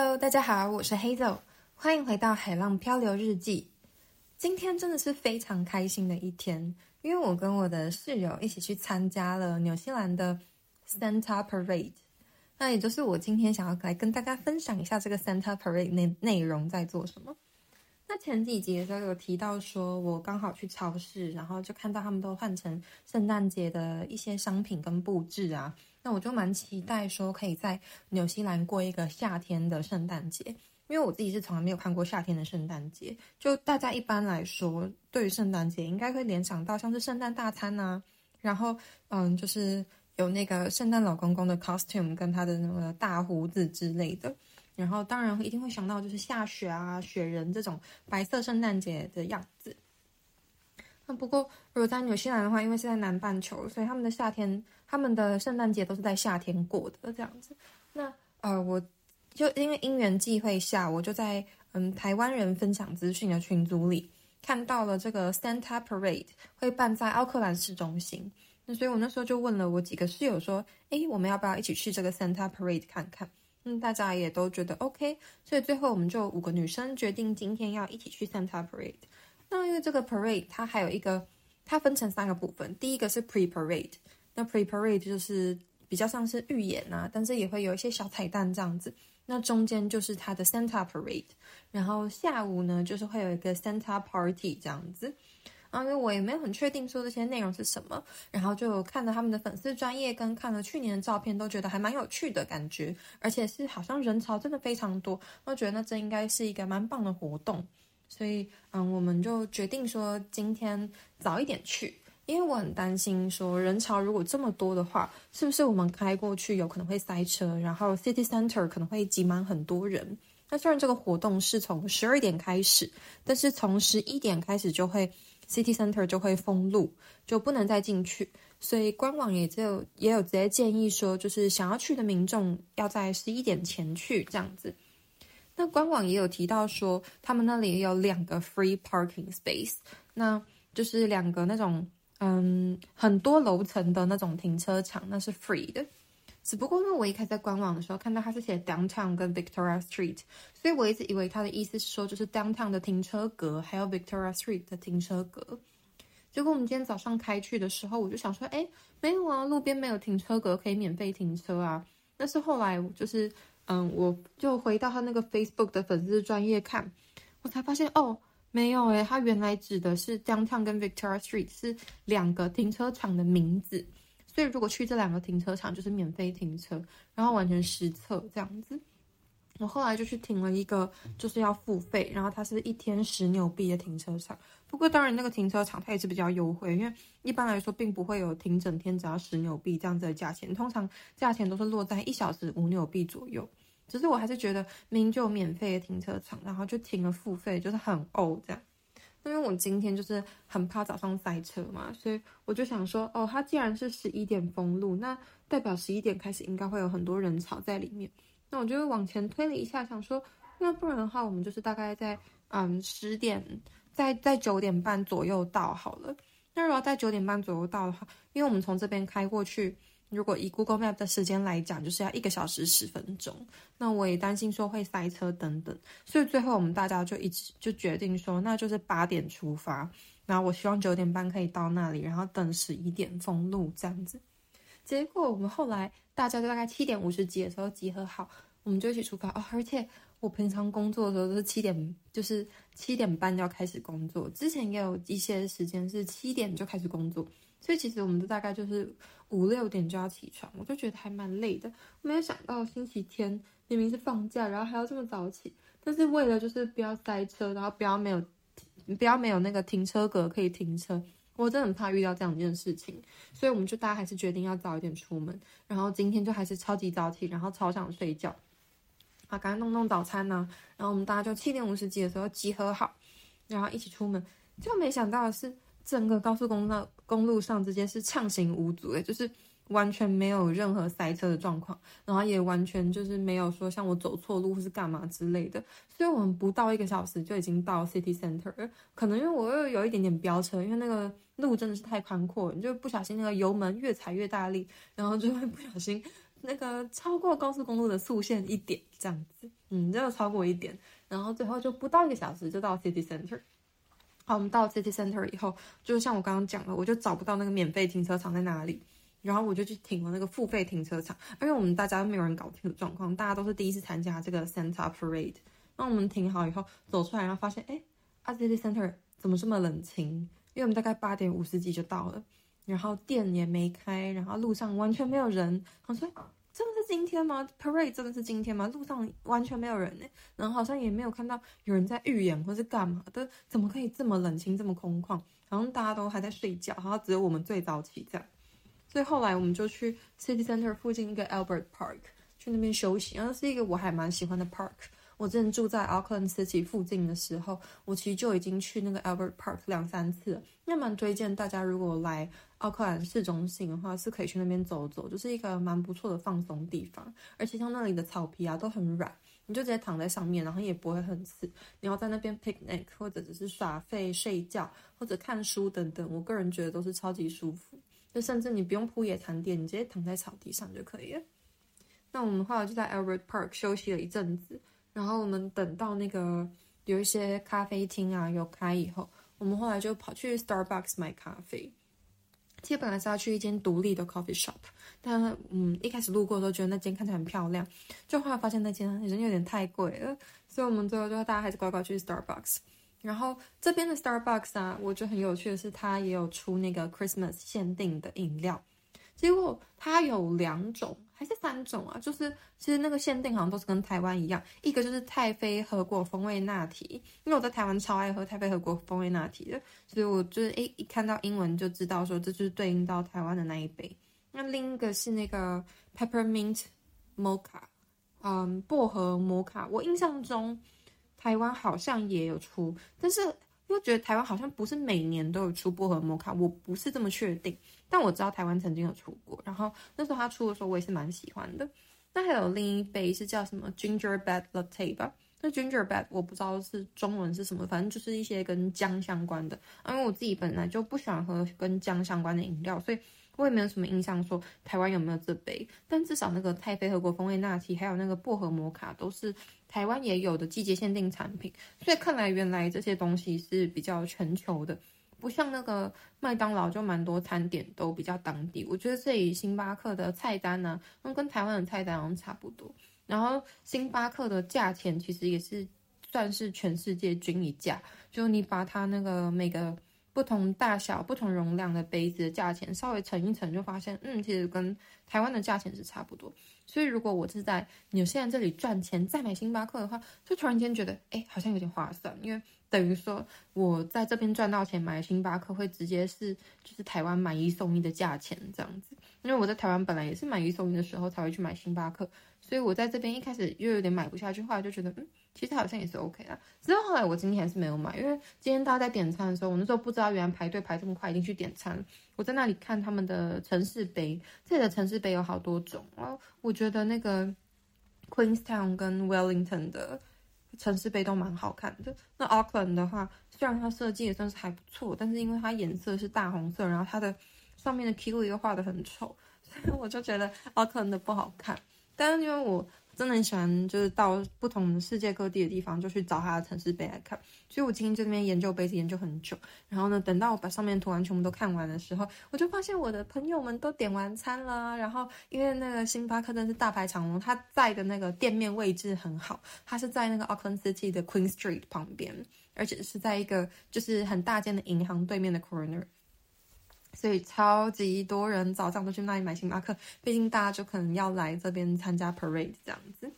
Hello，大家好，我是 Hazel，歡迎回到《海浪漂流日記》。今天真的是非常開心的一天，因為我跟我的室友一起去參加了紐西蘭的 Santa Parade，那也就是我今天想要來跟大家分享一下這個 Santa Parade 內內容在做什麼。那前幾集的時候有提到說，我剛好去超市，然後就看到他們都換成聖誕節的一些商品跟布置啊。那我就蠻期待說，可以在紐西蘭過一個夏天的聖誕節，因為我自己是從來沒有看過夏天的聖誕節。就大家一般來說，對於聖誕節應該會聯想到像是聖誕大餐吶、啊，然後嗯，就是有那個聖誕老公公的 costume 跟他的那個大鬍子之類的，然後當然一定會想到就是下雪啊、雪人這種白色聖誕節的樣子。那不過，如果在紐西蘭的話，因為是在南半球，所以他們的夏天，他們的聖誕節都是在夏天過的這樣子。那呃，我就因為因緣際會下，我就在嗯台灣人分享資訊的群組裡看到了這個 Santa Parade 會辦在奧克蘭市中心。那所以我那時候就問了我幾個室友說：“誒，我們要不要一起去這個 Santa Parade 看看？”嗯，大家也都覺得 OK，所以最後我們就五個女生決定今天要一起去 Santa Parade。那因為這個 parade 它還有一個，它分成三個部分。第一個是 pre parade，那 pre parade 就是比較像是預演啊，但是也會有一些小彩蛋這樣子。那中間就是它的 Santa parade，然後下午呢就是會有一個 Santa party 這樣子。啊，因為我也沒有很確定說這些內容是什麼，然後就看了他們的粉絲專頁跟看了去年的照片，都覺得還蠻有趣的感覺，而且是好像人潮真的非常多，我覺得那這應該是一個蠻棒的活動。所以，嗯，我們就決定說今天早一點去，因為我很擔心說人潮如果這麼多的話，是不是我們開過去有可能會塞車，然後 City Center 可能會擠滿很多人。那雖然這個活動是從十二點開始，但是從十一點開始就會 City Center 就會封路，就不能再進去。所以官網也就也有直接建議說，就是想要去的民眾要在十一點前去，這樣子。那官網也有提到說，他們那裡有兩個 free parking space，那就是兩個那種嗯很多樓層的那種停車場，那是 free 的。只不過因為我一開始在官網的時候看到他是寫 downtown 跟 Victoria Street，所以我一直以為他的意思是說就是 downtown 的停車格還有 Victoria Street 的停車格。結果我們今天早上開去的時候，我就想說，哎、欸，沒有啊，路邊沒有停車格可以免費停車啊。但是後來就是。嗯，我就回到他那個 Facebook 的粉絲專頁看，我才發現哦，沒有誒、欸，他原來指的是 Downtown 跟 Victoria Street 是兩個停車場的名字，所以如果去這兩個停車場就是免費停車，然後完全實測這樣子。我後來就去停了一個，就是要付費，然後它是一天十紐幣的停車場。不過當然那個停車場它也是比較優惠，因為一般來說並不會有停整天只要十紐幣這樣子的價錢，通常價錢都是落在一小時五紐幣左右。只是我還是覺得，明明就有免費的停車場，然後就停了付費，就是很嘔這樣。因為我今天就是很怕早上塞車嘛，所以我就想說，哦，它既然是十一點封路，那代表十一點開始應該會有很多人潮在裡面。那我就往前推了一下，想說，那不然的話，我們就是大概在嗯十點，在在九點半左右到好了。那如果在九點半左右到的話，因為我們從這邊開過去。如果以 Google Map 的時間來講，就是要一個小時十分鐘。那我也擔心說會塞車等等，所以最後我們大家就一直就決定說，那就是八點出發。然後我希望九點半可以到那裡，然後等十一點封路這樣子。結果我們後來大家就大概七點五十幾的時候集合好，我們就一起出發哦。而且我平常工作的時候都是七點，就是七點半要開始工作。之前也有一些時間是七點就開始工作，所以其實我們都大概就是。五六點就要起床，我就覺得還蠻累的。我沒有想到星期天明明是放假，然後還要這麼早起。但是為了就是不要塞車，然後不要沒有，不要沒有那個停車格可以停車，我真的很怕遇到這樣一件事情。所以我們就大家還是決定要早一點出門。然後今天就還是超級早起，然後超想睡覺。啊，趕快弄弄早餐呢、啊。然後我們大家就七點五十幾的時候集合好，然後一起出門。就沒想到的是整個高速公路。公路上之間是暢行無阻的，欸，就是完全沒有任何塞車的狀況，然後也完全就是沒有說像我走錯路或是幹嘛之類的，所以我們不到一個小時就已經到 city center。可能因為我又有一點點飆車，因為那個路真的是太寬闊，你就不小心那個油門越踩越大力，然後就會不小心那個超過高速公路的速限一點這樣子，嗯，就超過一點，然後最後就不到一個小時就到 city center。好，我們到 City Center 以後，就是像我剛剛講了，我就找不到那個免費停車場在哪裡，然後我就去停了那個付費停車場，因為我們大家都沒有人搞這個狀況，大家都是第一次參加這個 Santa Parade。那我們停好以後走出來，然後發現，哎、欸，啊 City Center 怎麼這麼冷清？因為我們大概八點五十幾就到了，然後店也沒開，然後路上完全沒有人，很衰。真的是今天嗎？Parade 真的是今天嗎？路上完全沒有人呢、欸，然後好像也沒有看到有人在預演或是幹嘛的，怎麼可以這麼冷清，這麼空曠？好像大家都還在睡覺，然後只有我們最早起的。所以後來我們就去 City Center 附近一個 Albert Park 去那邊休息，然後是一個我還蠻喜歡的 Park。我之前住在 Auckland City 附近的時候，我其實就已經去那個 Albert Park 兩三次了。那蠻推薦大家，如果來奧克蘭市中心的話，是可以去那邊走走，就是一個蠻不錯的放鬆地方。而且像那裡的草皮啊都很軟，你就直接躺在上面，然後也不會很刺。你要在那邊 picnic，或者只是耍廢、睡覺或者看書等等，我個人覺得都是超級舒服。就甚至你不用鋪野餐墊，你直接躺在草地上就可以了。那我們的話就在 Albert Park 休息了一陣子，然後我們等到那個有一些咖啡廳啊有開以後，我們後來就跑去 Starbucks 買咖啡，其實本來是要去一間獨立的 coffee shop，但嗯，一開始路過都覺得那間看起來很漂亮，就後來發現那間人有點太貴了，所以我們最後就大家還是乖乖去 Starbucks。然後這邊的 Starbucks 啊，我覺得很有趣的是，它也有出那個 Christmas 限定的飲料，結果它有兩種。還是三種啊，就是其實那個限定好像都是跟台灣一樣，一個就是太妃核果風味拿鐵，因為我在台灣超愛喝太妃核果風味拿鐵的，所以我就是一,一看到英文就知道說這就是對應到台灣的那一杯。那另一個是那個 peppermint mocha，嗯，薄荷摩卡，我印象中台灣好像也有出，但是又覺得台灣好像不是每年都有出薄荷摩卡，我不是這麼確定。但我知道台灣曾經有出過，然後那時候他出的時候，我也是蠻喜歡的。那還有另一杯是叫什麼 Gingerbread Latte 吧？那 Gingerbread 我不知道是中文是什麼，反正就是一些跟薑相關的。啊，因為我自己本來就不喜歡喝跟薑相關的飲料，所以我也沒有什麼印象說台灣有沒有這杯。但至少那個太妃核果風味拿鐵，還有那個薄荷摩卡，都是台灣也有的季節限定產品。所以看來原來這些東西是比較全球的。不像那個麥當勞就蠻多餐點都比較當地，我覺得這裡星巴克的菜單呢、啊，嗯，跟台灣的菜單好像差不多。然後星巴克的價錢其實也是算是全世界均一價，就你把它那個每個不同大小、不同容量的杯子的價錢稍微乘一乘，就發現嗯，其實跟台灣的價錢是差不多。所以如果我是在紐西蘭這裡賺錢再買星巴克的話，就突然間覺得哎、欸，好像有點划算，因為。等於說，我在這邊賺到錢買星巴克，會直接是就是台灣買一送一的價錢這樣子。因為我在台灣本來也是買一送一的時候才會去買星巴克，所以我在這邊一開始又有點買不下去，後來就覺得嗯，其實好像也是 OK 啊。之後後來我今天還是沒有買，因為今天大家在點餐的時候，我那時候不知道，原來排隊排這麼快已經去點餐了。我在那裡看他們的城市杯，這裡的城市杯有好多種啊，然後我覺得那個 Queenstown 跟 Wellington 的。城市杯都蠻好看的。那 Auckland 的話，雖然它設計也算是還不錯，但是因為它顏色是大紅色，然後它的上面的 Kiwi 又畫得很醜，所以我就覺得 Auckland 的不好看。但是因為我真的很喜歡，就是到不同世界各地的地方，就去找他的城市杯來看。所以我今天這邊研究杯子研究很久，然後呢，等到我把上面圖案全部都看完的時候，我就發現我的朋友們都點完餐了。然後因為那個星巴克真是大排長龍，他在的那個店面位置很好，他是在那個 Auckland City 的 Queen Street 旁邊，而且是在一個就是很大間的銀行對面的 corner。所以超級多人早上都去那裡買星巴克，畢竟大家就可能要來這邊參加 parade 這樣子。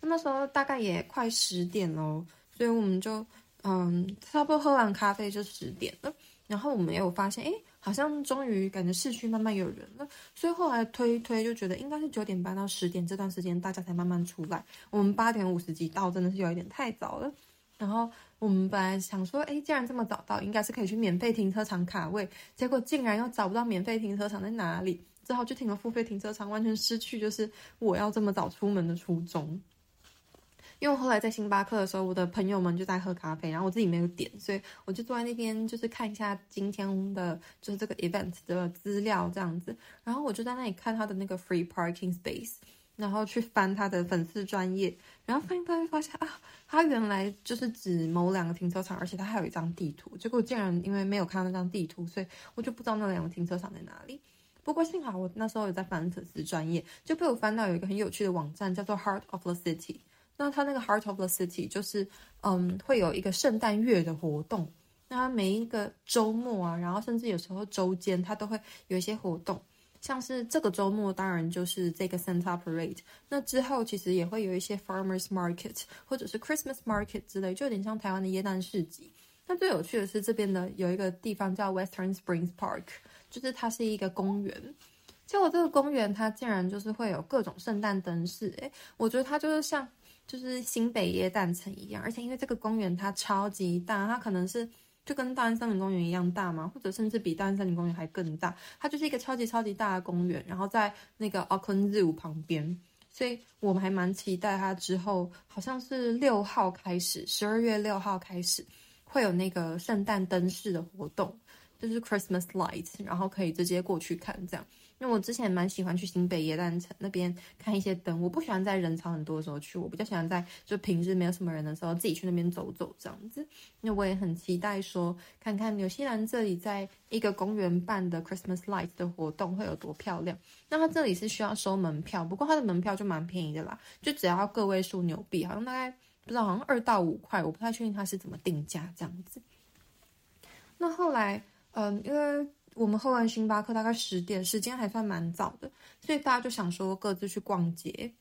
那時候大概也快十點了，所以我們就嗯，差不多喝完咖啡就十點了。然後我們也有發現，哎，好像終於感覺市區慢慢有人了。所以後來推一推，就覺得應該是九點半到十點這段時間大家才慢慢出來。我們八點五十幾到真的是有一點太早了。然後。我們本來想說誒，既然這麼早到，應該是可以去免費停車場卡位。結果竟然又找不到免費停車場在哪裡，只好去停了付費停車場，完全失去就是我要這麼早出門的初衷。因為我後來在星巴克的時候，我的朋友們就在喝咖啡，然後我自己沒有點，所以我就坐在那邊，就是看一下今天的就是這個 event 的資料這樣子。然後我就在那裡看他的那個 free parking space。然後去翻他的粉絲專頁，然後翻翻翻發現，發現啊，他原來就是指某兩個停車場，而且他還有一張地圖。結果我竟然因為沒有看到那張地圖，所以我就不知道那兩個停車場在哪裡。不過幸好我那時候有在翻粉絲專頁，就被我翻到有一個很有趣的網站，叫做 Heart of the City。那他那個 Heart of the City 就是，嗯，會有一個聖誕月的活動。那他每一個周末啊，然後甚至有時候周間，他都會有一些活動。像是這個周末，當然就是這個 Santa Parade。那之後其實也會有一些 Farmers Market 或者是 Christmas Market 之類，就有點像台灣的耶誕市集。那最有趣的是這邊的有一個地方叫 Western Springs Park，就是它是一個公園。結果這個公園它竟然就是會有各種聖誕燈飾，誒，我覺得它就是像就是新北耶誕城一樣。而且因為這個公園它超級大，它可能是。就跟大安森林公園一樣大嗎？或者甚至比大安森林公園還更大，它就是一個超級超級大的公園。然後在那個 Auckland Zoo 旁邊，所以我們還蠻期待它之後，好像是六號開始，十二月六號開始會有那個聖誕燈飾的活動，就是 Christmas lights，然後可以直接過去看這樣。因為我之前蠻喜歡去新北耶誕城那邊看一些燈，我不喜歡在人潮很多的時候去，我比較喜歡在就平日沒有什麼人的時候自己去那邊走走這樣子。因為我也很期待說，看看紐西蘭這裡在一個公園辦的 Christmas Light 的活動會有多漂亮。那他這裡是需要收門票，不過他的門票就蠻便宜的啦，就只要個位數紐幣，好像大概不知道，好像二到五塊，我不太確定他是怎麼定價這樣子。那後來，嗯，因為。我們喝完星巴克大概十點，時間還算蠻早的，所以大家就想說各自去逛街。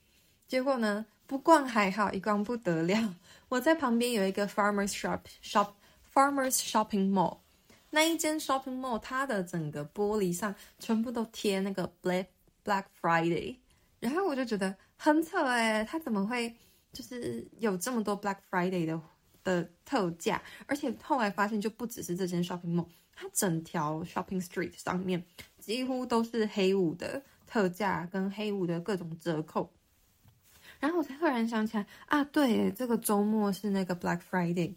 結果呢，不逛還好，一逛不得了。我在旁邊有一個 farmers shop shop farmers shopping mall，那一間 shopping mall 它的整個玻璃上全部都貼那個 black Black Friday，然後我就覺得，很扯哎、欸，它怎麼會就是有這麼多 Black Friday 的的特價？而且後來發現就不只是這間 shopping mall。它整條 shopping street 上面幾乎都是黑五的特價跟黑五的各種折扣，然後我才赫然想起來啊，對，這個周末是那個 Black Friday，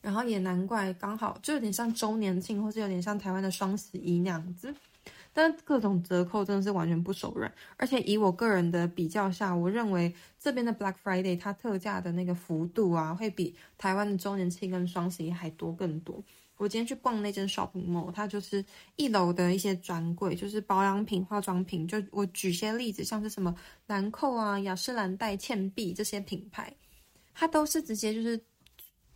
然後也難怪剛好就有點像周年慶，或是有點像台灣的雙十一那樣子，但各種折扣真的是完全不手軟，而且以我個人的比較下，我認為這邊的 Black Friday 它特價的那個幅度啊，會比台灣的周年慶跟雙十一還多更多。我今天去逛那間 shopping mall，它就是一樓的一些專櫃，就是保養品、化妝品。就我舉些例子，像是什麼蘭蔻啊、雅詩蘭黛、倩碧這些品牌，它都是直接就是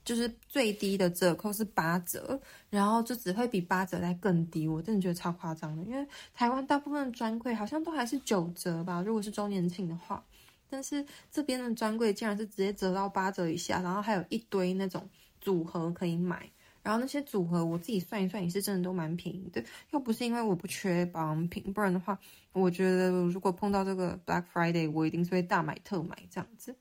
就是最低的折扣是八折，然後就只會比八折再更低。我真的覺得超誇張的，因為台灣大部分專櫃好像都還是九折吧，如果是周年慶的話，但是這邊的專櫃竟然是直接折到八折以下，然後還有一堆那種組合可以買。然後那些組合我自己算一算也是真的都蠻便宜的，又不是因為我不缺保養品，不然的話，我覺得如果碰到這個 Black Friday，我一定是會大買特買這樣子。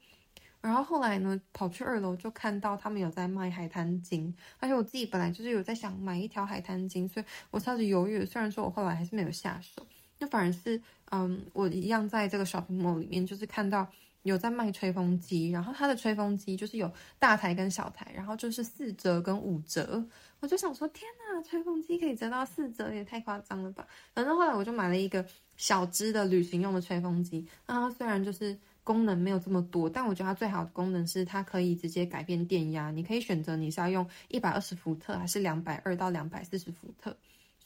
然後後來呢，跑去二樓就看到他們有在賣海灘巾，而且我自己本來就是有在想買一條海灘巾，所以我超級猶豫。雖然說我後來還是沒有下手，那反而是嗯，我一樣在這個 shopping mall 裡面就是看到。有在賣吹風機，然後它的吹風機就是有大台跟小台，然後就是四折跟五折。我就想說，天哪，吹風機可以折到四折，也太誇張了吧？反正後來我就買了一個小隻的旅行用的吹風機啊，然後雖然就是功能沒有這麼多，但我覺得它最好的功能是它可以直接改變電壓，你可以選擇你是要用一百二十伏特還是兩百二到兩百四十伏特。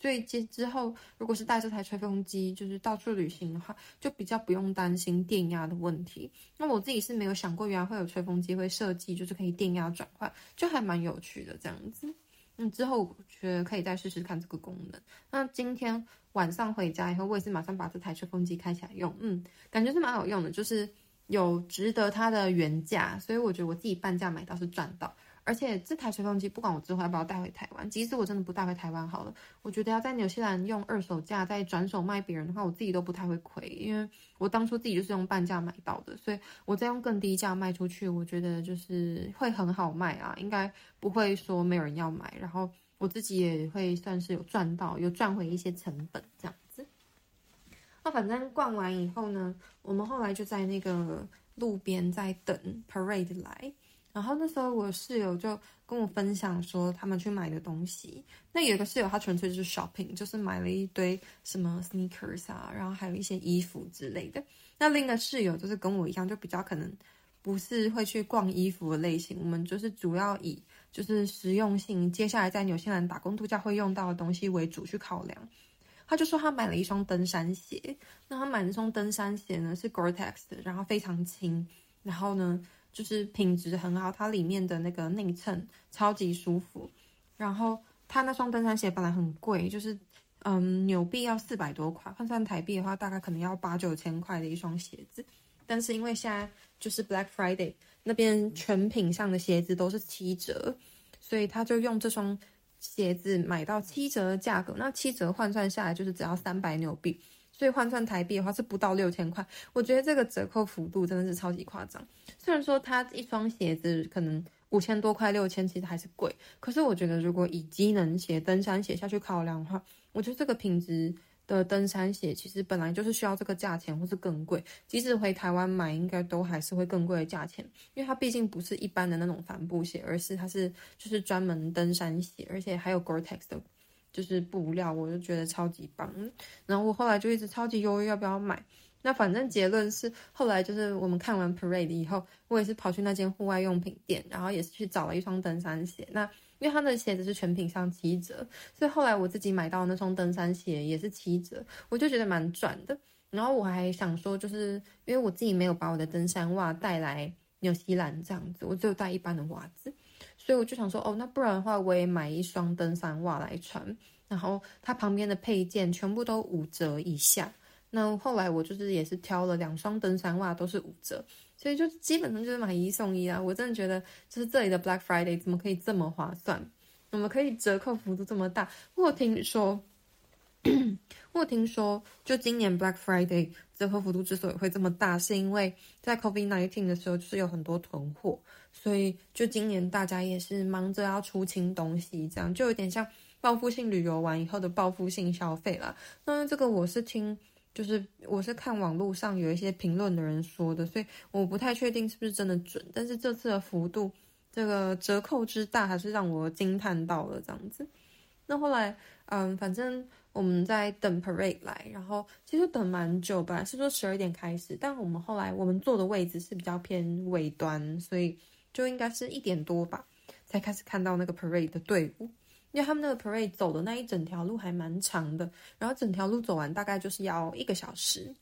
所以其實之後，如果是帶這台吹風機，就是到處旅行的話，就比較不用擔心電壓的問題。那我自己是沒有想過，原來會有吹風機會設計，就是可以電壓轉換，就還蠻有趣的這樣子。嗯，之後我覺得可以再試試看這個功能。那今天晚上回家以後，我也是馬上把這台吹風機開起來用。嗯，感覺是蠻好用的，就是有值得它的原價，所以我覺得我自己半價買到是賺到。而且這台吹風機，不管我之後要不要帶回台灣，即使我真的不帶回台灣好了，我覺得要在紐西蘭用二手價再轉手賣別人的話，我自己都不太會虧，因為我當初自己就是用半價買到的，所以我再用更低價賣出去，我覺得就是會很好賣啊，應該不會說沒有人要買，然後我自己也會算是有賺到，有賺回一些成本這樣子。那反正逛完以後呢，我們後來就在那個路邊在等 parade 來。然後那時候我室友就跟我分享說他們去買的東西。那有一個室友他純粹就是 shopping，就是買了一堆什麼 sneakers 啊，然後還有一些衣服之類的。那另一個室友就是跟我一樣，就比較可能不是會去逛衣服的類型。我們就是主要以就是實用性，接下來在紐西蘭打工度假會用到的東西為主去考量。他就說他買了一雙登山鞋，那他買那雙登山鞋呢是 Gore-Tex 的，然後非常輕，然後呢。就是品質很好，它裡面的那個內襯超級舒服。然後它那雙登山鞋本來很貴，就是嗯，紐幣要四百多塊，換算台幣的話，大概可能要八九千塊的一雙鞋子。但是因為現在就是 Black Friday 那邊全品上的鞋子都是七折，所以他就用這雙鞋子買到七折的價格。那七折換算下來就是只要三百紐幣。所以換算台幣的話是不到六千塊，我覺得這個折扣幅度真的是超級誇張。雖然說它一雙鞋子可能五千多塊、六千，其實還是貴。可是我覺得如果以機能鞋、登山鞋下去考量的話，我覺得這個品質的登山鞋其實本來就是需要這個價錢，或是更貴。即使回台灣買，應該都還是會更貴的價錢，因為它畢竟不是一般的那種帆布鞋，而是它是就是專門登山鞋，而且還有 Gore-Tex 的。就是布料，我就覺得超級棒。然後我後來就一直超級猶豫要不要買。那反正結論是，後來就是我們看完 parade 以後，我也是跑去那間戶外用品店，然後也是去找了一雙登山鞋。那因為他的鞋子是全品上七折，所以後來我自己買到那雙登山鞋也是七折，我就覺得蠻賺的。然後我還想說，就是因為我自己沒有把我的登山襪帶來紐西蘭，這樣子，我只有帶一般的襪子。所以我就想說，哦，那不然的話，我也買一雙登山襪來穿。然後它旁邊的配件全部都五折以下。那後來我就是也是挑了兩雙登山襪，都是五折，所以就基本上就是買一送一啦、啊。我真的覺得，就是這裡的 Black Friday 怎麼可以這麼划算，怎麼可以折扣幅度這麼大？我聽說， 我聽說，就今年 Black Friday。折扣幅度之所以會這麼大，是因為在 COVID-19 的時候就是有很多囤貨，所以就今年大家也是忙着要出清東西，這樣就有點像報復性旅遊完以後的報復性消費啦。那這個我是聽，就是我是看網路上有一些評論的人說的，所以我不太確定是不是真的準，但是這次的幅度，這個折扣之大還是讓我驚嘆到了這樣子。那後來，嗯，反正。我們在等 parade 來，然後其實等蠻久，本來是說十二點開始，但我們後來我們坐的位置是比較偏尾端，所以就應該是一點多吧，才開始看到那個 parade 的隊伍。因為他們那個 parade 走的那一整條路還蠻長的，然後整條路走完大概就是要一個小時。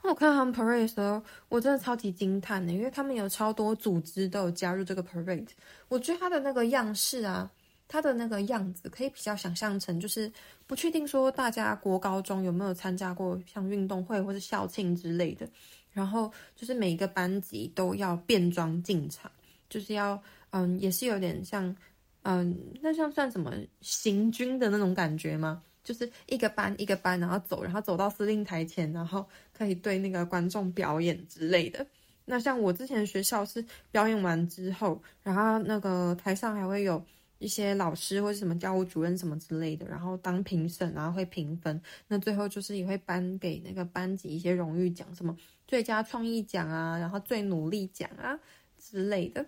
我看到他們 parade 的時候，我真的超級驚嘆的，因為他們有超多組織都有加入這個 parade，我覺得它的那個樣式啊。他的那個樣子可以比較想象成，就是不確定說大家國高中有沒有參加過像運動會或者校慶之類的，然後就是每一個班級都要變裝進場，就是要嗯，也是有點像嗯，那像算什麼行軍的那種感覺嗎？就是一個班一個班然後走，然後走到司令台前，然後可以對那個觀眾表演之類的。那像我之前學校是表演完之後，然後那個台上還會有。一些老師或者什麼教務主任什麼之類的，然後當評審啊，然後會評分。那最後就是也會頒給那個班級一些榮譽獎，什麼最佳創意獎啊，然後最努力獎啊之類的。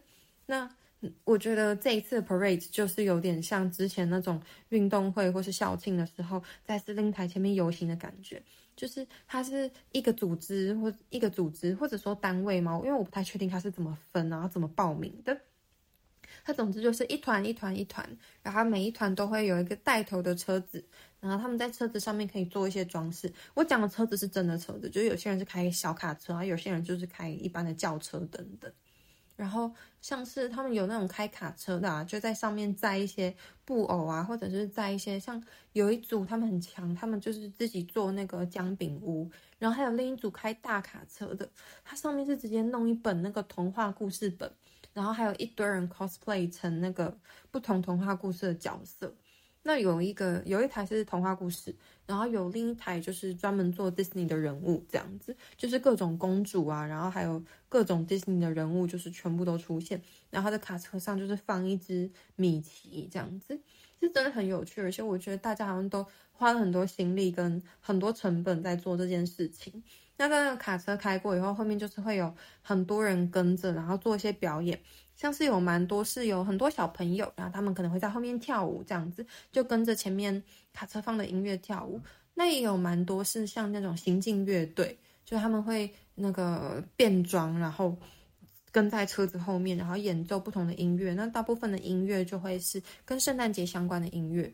那我覺得這一次的 parade 就是有點像之前那種運動會或是校慶的時候，在司令台前面遊行的感覺。就是它是一個組織或者一個組織或者說單位嘛，因為我不太確定它是怎麼分啊，然後怎麼報名的。總之就是一團一團一團，然後每一團都會有一個帶頭的車子，然後他們在車子上面可以做一些裝飾。我講的車子是真的車子，就有些人是開小卡車，有些人就是開一般的轎車等等。然後像是他們有那種開卡車的啊，就在上面載一些布偶啊，或者是載一些像有一組他們很強，他們就是自己做那個薑餅屋，然後還有另一組開大卡車的，它上面是直接弄一本那個童話故事本。然後還有一堆人 cosplay 成那個不同童話故事的角色，那有一個有一台是童話故事，然後有另一台就是專門做 Disney 的人物這樣子，就是各種公主啊，然後還有各種 Disney 的人物，就是全部都出現。然後他在卡車上就是放一隻米奇這樣子，是真的很有趣，而且我覺得大家好像都花了很多心力跟很多成本在做這件事情。那，在那個卡車開過以後，後面就是會有很多人跟着，然後做一些表演，像是有蠻多是有很多小朋友，然後他們可能會在後面跳舞這樣子，就跟着前面卡車放的音樂跳舞。那也有蠻多是像那種行進樂隊，就他們會那個變裝，然後跟在車子後面，然後演奏不同的音樂。那大部分的音樂就會是跟聖誕節相關的音樂。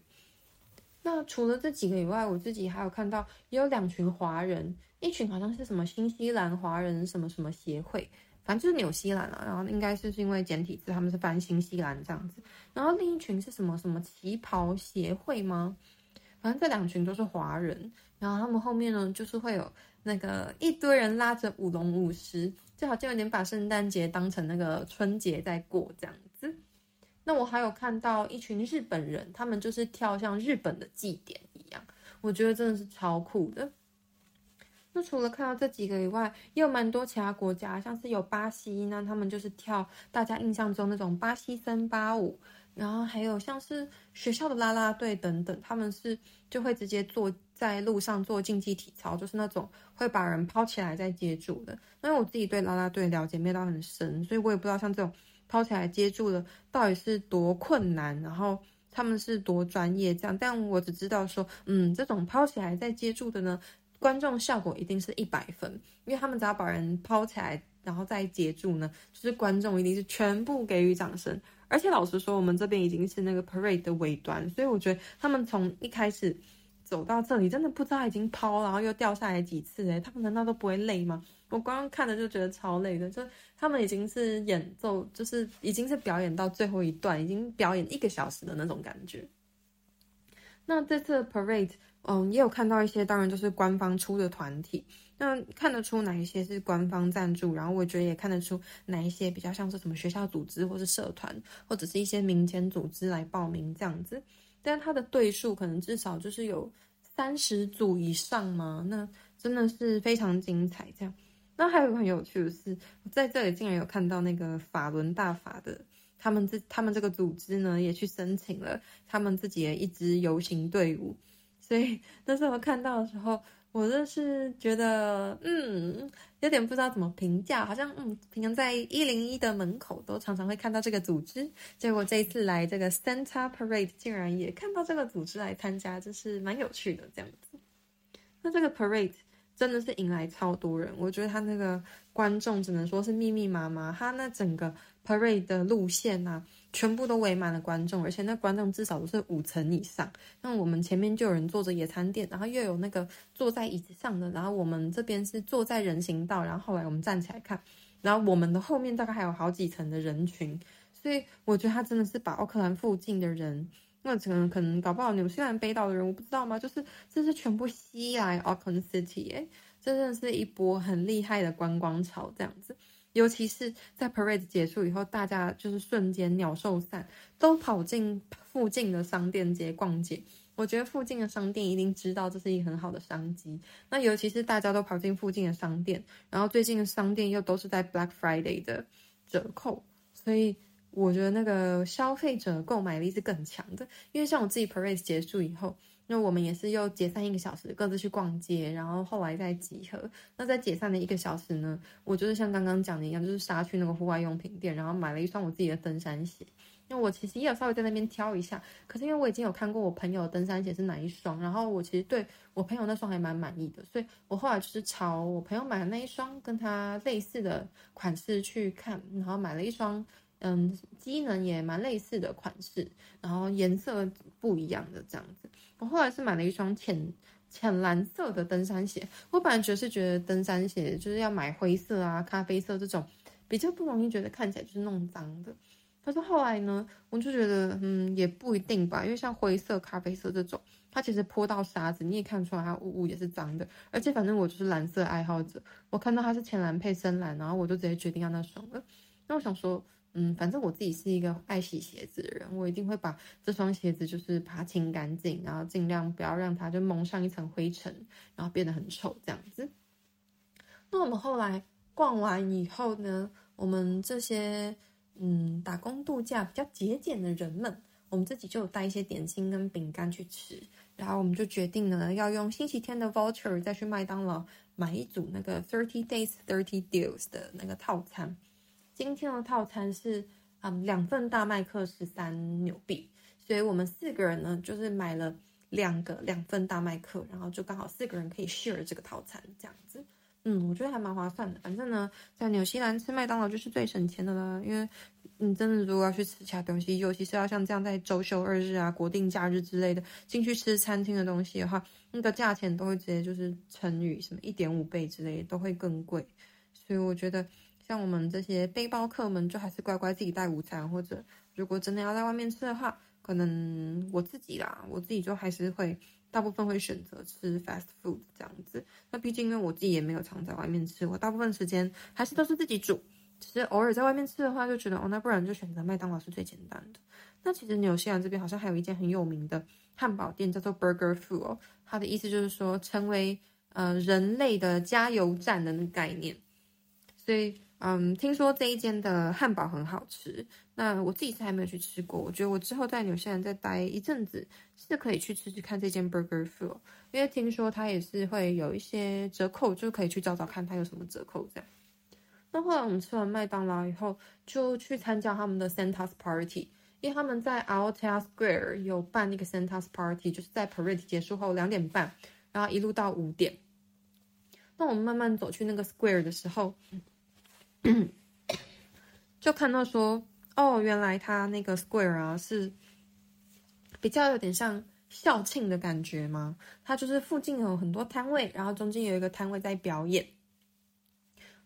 那除了這幾個以外，我自己還有看到也有兩群華人，一群好像是什麼新西蘭華人什麼什麼協會，反正就是紐西蘭啊，然後應該是因為簡體字，他們是翻新西蘭這樣子，然後另一群是什麼什麼旗袍協會嗎？反正這兩群都是華人，然後他們後面呢，就是會有那個一堆人拉着舞龍舞獅，就好像有點把聖誕節當成那個春節在過這樣子。那我還有看到一群日本人，他們就是跳像日本的祭典一樣，我覺得真的是超酷的。那除了看到這幾個以外，也有蠻多其他國家，像是有巴西呢，他們就是跳大家印象中那種巴西森巴舞，然後還有像是學校的啦啦隊等等，他們是就會直接坐在路上做競技體操，就是那種會把人拋起來再接住的。那我自己對啦啦隊了解沒到很深，所以我也不知道像這種。拋起來接住的，到底是多困難，然後他們是多專業這樣，但我只知道說，嗯，這種拋起來再接住的呢，觀眾效果一定是一百分，因為他們只要把人拋起來，然後再接住呢，就是觀眾一定是全部給予掌聲。而且老實說，我們這邊已經是那個 parade 的尾端，所以我覺得他們從一開始走到這裡，真的不知道已經拋，然後又掉下來幾次哎、欸，他們難道都不會累嗎？我剛剛看的就覺得超累的，就他們已經是演奏，就是已經是表演到最後一段，已經表演一個小時的那種感覺。那這次的 parade，嗯，也有看到一些，當然就是官方出的團體。那看得出哪一些是官方贊助，然後我覺得也看得出哪一些比較像是什麼學校組織，或是社團，或者是一些民間組織來報名這樣子。但他的隊數可能至少就是有三十組以上嘛，那真的是非常精彩這樣。那還有很有趣的是，我在這裡竟然有看到那個法輪大法的，他們這他們這個組織呢，也去申請了他們自己的一支遊行隊伍。所以那時候我看到的時候，我就是覺得，嗯，有點不知道怎麼評價，好像嗯，平常在一零一的門口都常常會看到這個組織，結果這一次來這個 Santa Parade 竟然也看到這個組織來參加，真是蠻有趣的這樣子。那這個 Parade。真的是迎來超多人，我覺得他那個觀眾只能說是密密麻麻，他那整個 parade 的路線吶、啊，全部都圍滿了觀眾，而且那觀眾至少都是五層以上。那我們前面就有人坐着野餐墊，然後又有那個坐在椅子上的，然後我們這邊是坐在人行道，然後,後來我們站起來看，然後我們的後面大概還有好幾層的人群，所以我覺得他真的是把奧克蘭附近的人。那可能可能搞不好你們紐西蘭北島的人我不知道嗎？就是這是全部吸來 Auckland City，哎、欸，這真的是一波很厲害的觀光潮，這樣子。尤其是在 Parade 結束以後，大家就是瞬間鳥獸散，都跑進附近的商店街逛街。我覺得附近的商店一定知道這是一很好的商機。那尤其是大家都跑進附近的商店，然後最近的商店又都是在 Black Friday 的折扣，所以。我覺得那個消費者購買力是更強的，因為像我自己，parade 結束以後，那我們也是又解散一個小時，各自去逛街，然後後來再集合。那在解散的一個小時呢，我就是像剛剛講的一樣，就是殺去那個戶外用品店，然後買了一雙我自己的登山鞋。那我其實也有稍微在那邊挑一下，可是因為我已經有看過我朋友的登山鞋是哪一雙，然後我其實對我朋友那雙還蠻滿意的，所以我後來就是朝我朋友買的那一雙跟他類似的款式去看，然後買了一雙。嗯，機能也蠻類似的款式，然後顏色不一樣的這樣子。我後來是買了一雙淺淺藍色的登山鞋。我本來覺得是覺得登山鞋就是要買灰色啊、咖啡色這種，比較不容易覺得看起來就是弄髒的。可是後來呢，我就覺得嗯，也不一定吧，因為像灰色、咖啡色這種，它其實潑到沙子你也看出來它霧霧也是髒的。而且反正我就是藍色愛好者，我看到它是淺藍配深藍，然後我就直接決定要那雙了。那我想說。嗯，反正我自己是一個愛洗鞋子的人，我一定會把這雙鞋子就是把它清乾淨，然後儘量不要讓它就蒙上一層灰塵，然後變得很醜這樣子。那我們後來逛完以後呢，我們這些嗯打工度假比較節儉的人們，我們自己就有帶一些點心跟餅乾去吃，然後我們就決定呢，要用星期天的 voucher 再去麥當勞買一組那個 Thirty Days Thirty Deals 的那個套餐。今天的套餐是，嗯，兩份大麥克十三紐幣，所以我們四個人呢，就是買了兩個兩份大麥克，然後就剛好四個人可以 share 這個套餐，這樣子，嗯，我覺得還蠻划算的。反正呢，在紐西蘭吃麥當勞就是最省錢的啦，因為你真的如果要去吃其他東西，尤其是要像這樣在周休二日啊、國定假日之類的進去吃餐廳的東西的話，那個價錢都會直接就是乘以什麼一點五倍之類的，都會更貴，所以我覺得。像我們這些背包客們，就還是乖乖自己帶午餐。或者，如果真的要在外面吃的話，可能我自己啦，我自己就還是會大部分會選擇吃 fast food 這樣子。那畢竟，因為我自己也沒有常在外面吃，我大部分時間還是都是自己煮。只是偶爾在外面吃的話，就覺得哦，那不然就選擇麥當勞是最簡單的。那其實紐西蘭這邊好像還有一間很有名的漢堡店，叫做 BurgerFuel。它的意思就是說，成為呃人類的加油站的那個概念。所以。嗯，聽說這一間的漢堡很好吃，那我自己是還沒有去吃過。我覺得我之後在紐西蘭再待一陣子，是可以去吃吃看這間 Burger Fuel，因為聽說它也是會有一些折扣，就可以去找找看它有什麼折扣這樣。那後來我們吃完麥當勞以後，就去參加他們的 Santa's Party，因為他們在 Aotea Square 有辦那個 Santa's Party，就是在 Parade 結束後兩點半，然後一路到五點。那我們慢慢走去那個 Square 的時候。 就看到說，哦，原來他那個 square 啊，是比較有點像校慶的感覺嗎？他就是附近有很多攤位，然後中間有一個攤位在表演。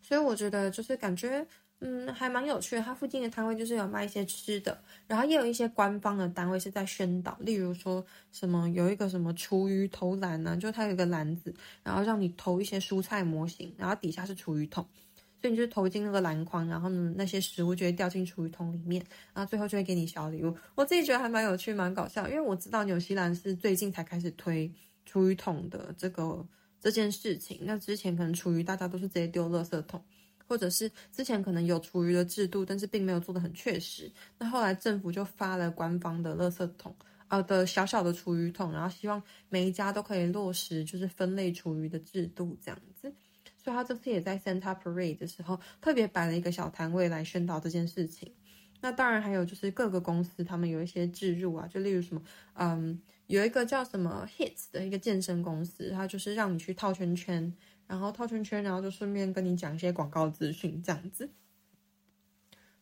所以我覺得就是感覺，嗯，還蠻有趣的。他附近的攤位就是有賣一些吃的，然後也有一些官方的單位是在宣導，例如說什麼有一個什麼廚餘投籃呢，啊，就他有一個籃子，然後讓你投一些蔬菜模型，然後底下是廚餘桶。所以你就投進那個籃筐，然後呢，那些食物就會掉進廚餘桶裡面，然後最後就會給你小禮物。我自己覺得還蠻有趣、蠻搞笑，因為我知道紐西蘭是最近才開始推廚餘桶的這個這件事情。那之前可能廚餘大家都是直接丟垃圾桶，或者是之前可能有廚餘的制度，但是並沒有做得很確實。那後來政府就發了官方的垃圾桶啊、呃、的小小的廚餘桶，然後希望每一家都可以落實，就是分類廚餘的制度這樣子。所以他這次也在 Santa Parade 的時候，特別擺了一個小攤位來宣導這件事情。那當然還有就是各個公司他們有一些置入啊，就例如什麼，嗯，有一個叫什麼 Hits 的一個健身公司，他就是讓你去套圈圈，然後套圈圈，然後就順便跟你講一些廣告資訊這樣子。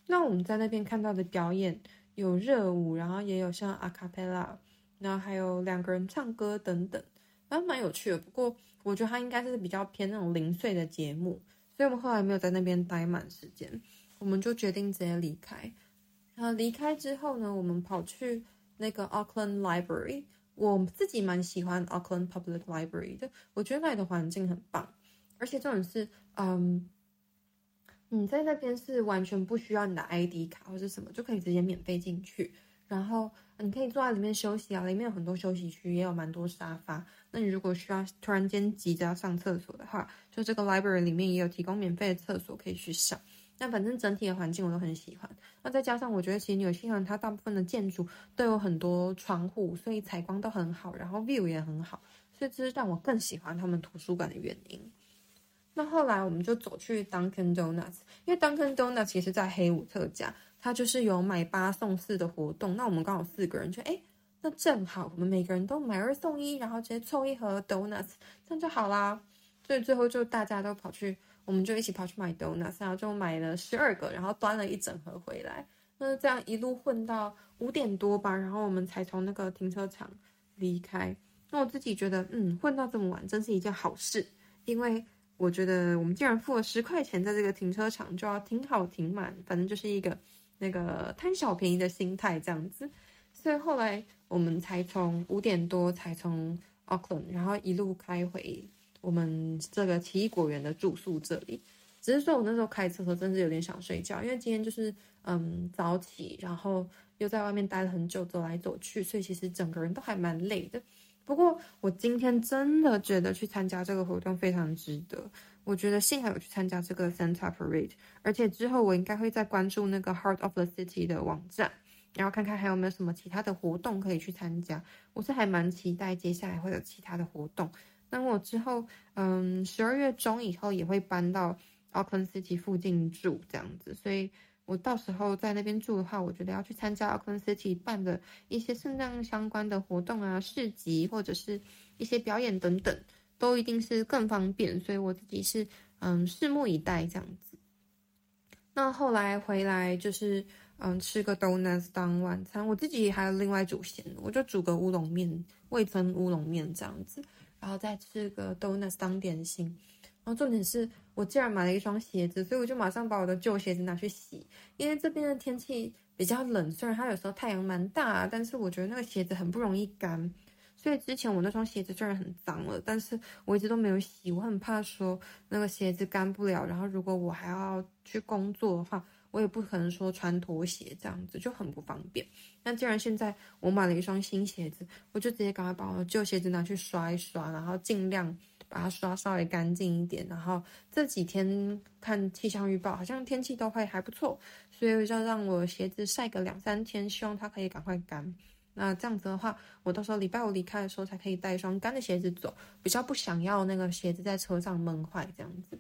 那我們在那邊看到的表演有熱舞，然後也有像 A cappella，然後還有兩個人唱歌等等。蠻蠻有趣的，不過我覺得它應該是比較偏那種零碎的節目，所以我們後來沒有在那邊待滿時間，我們就決定直接離開。然後離開之後呢，我們跑去那個 Auckland Library，我自己蠻喜歡 Auckland Public Library 的，我覺得那裡的環境很棒，而且重點是，嗯，你在那邊是完全不需要你的 ID 卡或者什麼，就可以直接免費進去。然後你可以坐在裡面休息啊，裡面有很多休息區，也有蠻多沙發。那你如果需要突然間急着要上廁所的話，就這個 library 裡面也有提供免費的廁所可以去上。那反正整體的環境我都很喜歡。那再加上我覺得其實紐西蘭它大部分的建築都有很多窗戶，所以採光都很好，然後 view 也很好，所以這是讓我更喜歡他們圖書館的原因。那後來我們就走去 Dunkin Donuts，因為 Dunkin Donuts 其實在黑五特價。他就是有買八送四的活動，那我們剛好四個人就，就、欸、哎,那正好我們每個人都買二送一，然後直接湊一盒 donuts，這樣就好啦。所以最後就大家都跑去，我們就一起跑去買 donuts，然後就買了十二個，然後端了一整盒回來。那這樣一路混到五點多吧，然後我們才從那個停車場離開。那我自己覺得，嗯，混到這麼晚真是一件好事，因為我覺得我們既然付了十塊錢在這個停車場，就要停好停滿，反正就是一個。那個貪小便宜的心態這樣子，所以後來我們才從五點多才從 Auckland，然後一路開回我們這個奇異果園的住宿這裡。只是說我那時候開車的時候，真的有點想睡覺，因為今天就是嗯早起，然後又在外面待了很久，走來走去，所以其實整個人都還蠻累的。不過我今天真的覺得去參加這個活動非常值得。我覺得幸好有去參加這個 Santa Parade，而且之後我應該會再關注那個 Heart of the City 的網站，然後看看還有沒有什麼其他的活動可以去參加。我是還蠻期待接下來會有其他的活動。那我之後，嗯，十二月中以後也會搬到 Auckland City 附近住這樣子，所以我到時候在那邊住的話，我覺得要去參加 Auckland City 辦的一些聖誕相關的活動啊、市集或者是一些表演等等。都一定是更方便，所以我自己是嗯，拭目以待這樣子。那後來回來就是嗯，吃個 donuts 當晚餐，我自己還有另外煮鹹的，我就煮個烏龍麵，味噌烏龍面這樣子，然後再吃個 donuts 當點心。然後重點是我竟然買了一雙鞋子，所以我就馬上把我的舊鞋子拿去洗，因為這邊的天氣比較冷，雖然它有時候太陽蠻大，但是我覺得那個鞋子很不容易乾。所以之前我那雙鞋子雖然很髒了，但是我一直都沒有洗，我很怕說那個鞋子乾不了。然後如果我還要去工作的話，我也不可能說穿拖鞋這樣子，就很不方便。那既然現在我買了一雙新鞋子，我就直接趕快把我舊鞋子拿去刷一刷，然後盡量把它刷稍微乾淨一點。然後這幾天看氣象預報，好像天氣都會還不錯，所以我就讓我鞋子曬個兩三天，希望它可以趕快乾。那這樣子的話，我到時候禮拜五離開的時候才可以帶一雙乾的鞋子走，比較不想要那個鞋子在車上悶壞這樣子。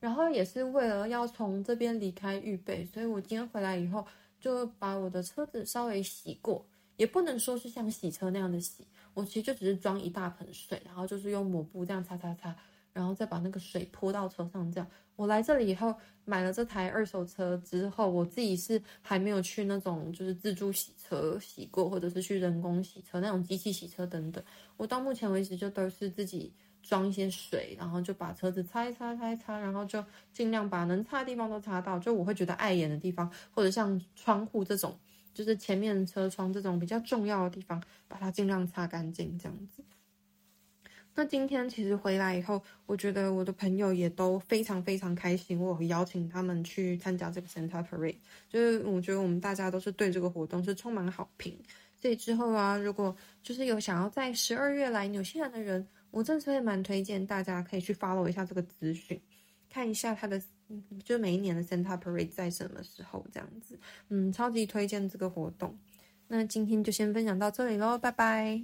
然後也是為了要從這邊離開預備，所以我今天回來以後就把我的車子稍微洗過，也不能說是像洗車那樣的洗，我其實就只是裝一大盆水，然後就是用抹布這樣擦擦擦，然後再把那個水潑到車上，這樣。我來這裡以後買了這台二手車之後，我自己是還沒有去那種就是自助洗車洗過，或者是去人工洗車那種機器洗車等等。我到目前為止就都是自己裝一些水，然後就把車子擦一擦擦一擦，然後就盡量把能擦的地方都擦到。就我會覺得礙眼的地方，或者像窗戶這種，就是前面的車窗這種比較重要的地方，把它盡量擦乾淨這樣子。那今天其實回來以後，我覺得我的朋友也都非常非常開心。我有邀請他們去參加這個 Santa Parade，就是我覺得我們大家都是對這個活動是充滿好評。所以之後啊，如果就是有想要在十二月來紐西蘭的人，我真的是會蠻推薦大家可以去 follow 一下這個資訊，看一下他的，就是每一年的 Santa Parade 在什麼時候這樣子。嗯，超級推薦這個活動。那今天就先分享到這裡嘍，拜拜。